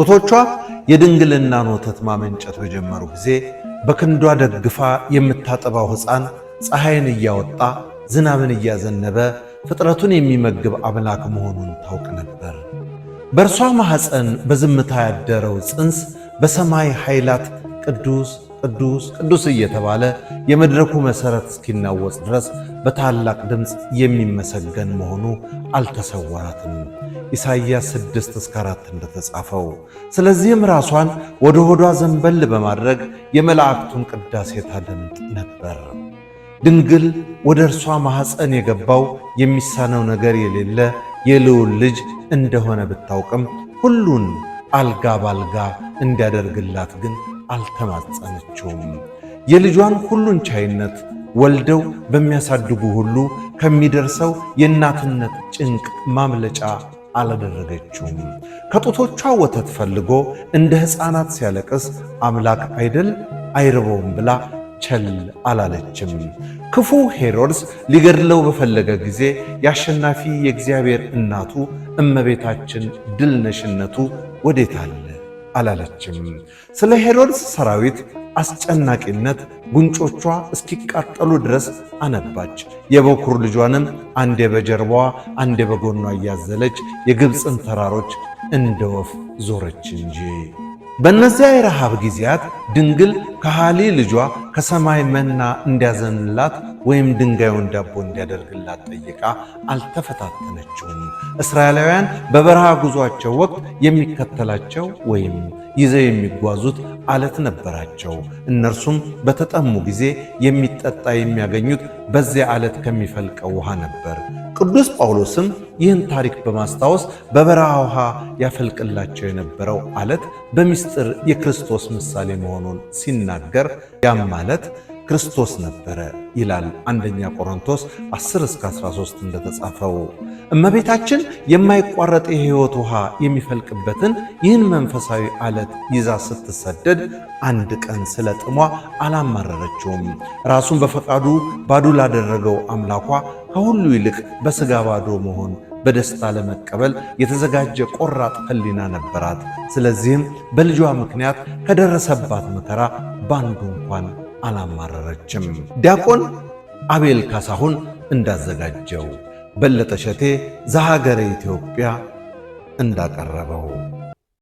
ጡቶቿ የድንግልናን ወተት ማመንጨት በጀመሩ ጊዜ በክንዷ ደግፋ የምታጠባው ሕፃን ፀሐይን እያወጣ ዝናብን እያዘነበ ፍጥረቱን የሚመግብ አምላክ መሆኑን ታውቅ ነበር። በእርሷ ማኅፀን በዝምታ ያደረው ጽንስ በሰማይ ኃይላት ቅዱስ ቅዱስ ቅዱስ እየተባለ የመድረኩ መሠረት እስኪናወጽ ድረስ በታላቅ ድምፅ የሚመሰገን መሆኑ አልተሰወራትም። ኢሳይያስ 6 እስከ 4 እንደተጻፈው። ስለዚህም ራሷን ወደ ሆዷ ዘንበል በማድረግ የመላእክቱን ቅዳሴ ታደምጥ ነበር። ድንግል ወደ እርሷ ማኅፀን የገባው የሚሳነው ነገር የሌለ የልዑል ልጅ እንደሆነ ብታውቅም ሁሉን አልጋ ባልጋ እንዲያደርግላት ግን አልተማጸነችውም። የልጇን ሁሉን ቻይነት ወልደው በሚያሳድጉ ሁሉ ከሚደርሰው የእናትነት ጭንቅ ማምለጫ አላደረገችውም። ከጡቶቿ ወተት ፈልጎ እንደ ሕፃናት ሲያለቅስ አምላክ አይደል አይርበውም ብላ ቸል አላለችም። ክፉ ሄሮድስ ሊገድለው በፈለገ ጊዜ የአሸናፊ የእግዚአብሔር እናቱ እመቤታችን ድል ነሽነቱ ወዴት አለ? አላለችም። ስለ ሄሮድስ ሰራዊት አስጨናቂነት ጉንጮቿ እስኪቃጠሉ ድረስ አነባች። የበኩር ልጇንም አንዴ በጀርባዋ አንዴ በጎኗ እያዘለች የግብፅን ተራሮች እንደ ወፍ ዞረች እንጂ። በእነዚያ የረሃብ ጊዜያት ድንግል ከሃሊ ልጇ ከሰማይ መና እንዲያዘንላት ወይም ድንጋዩን ዳቦ እንዲያደርግላት ጠይቃ አልተፈታተነችውም። እስራኤላውያን በበረሃ ጉዟቸው ወቅት የሚከተላቸው ወይም ይዘው የሚጓዙት አለት ነበራቸው። እነርሱም በተጠሙ ጊዜ የሚጠጣ የሚያገኙት በዚያ አለት ከሚፈልቀው ውሃ ነበር። ቅዱስ ጳውሎስም ይህን ታሪክ በማስታወስ በበረሃ ውሃ ያፈልቅላቸው የነበረው አለት በምስጢር የክርስቶስ ምሳሌ መሆኑን ሲናገር ያም ማለት ክርስቶስ ነበረ ይላል። አንደኛ ቆሮንቶስ 10 እስከ 13 እንደተጻፈው እመቤታችን የማይቋረጥ የሕይወት ውሃ የሚፈልቅበትን ይህን መንፈሳዊ አለት ይዛ ስትሰደድ አንድ ቀን ስለ ጥሟ አላማረረችውም። ራሱን በፈቃዱ ባዱ ላደረገው አምላኳ ከሁሉ ይልቅ በሥጋ ባዶ መሆን በደስታ ለመቀበል የተዘጋጀ ቆራጥ ሕሊና ነበራት። ስለዚህም በልጇ ምክንያት ከደረሰባት መከራ በአንዱ እንኳን አላማረረችም። ዲያቆን አቤል ካሳሁን እንዳዘጋጀው፣ በለጠ ሸቴ ዘሀገረ ኢትዮጵያ እንዳቀረበው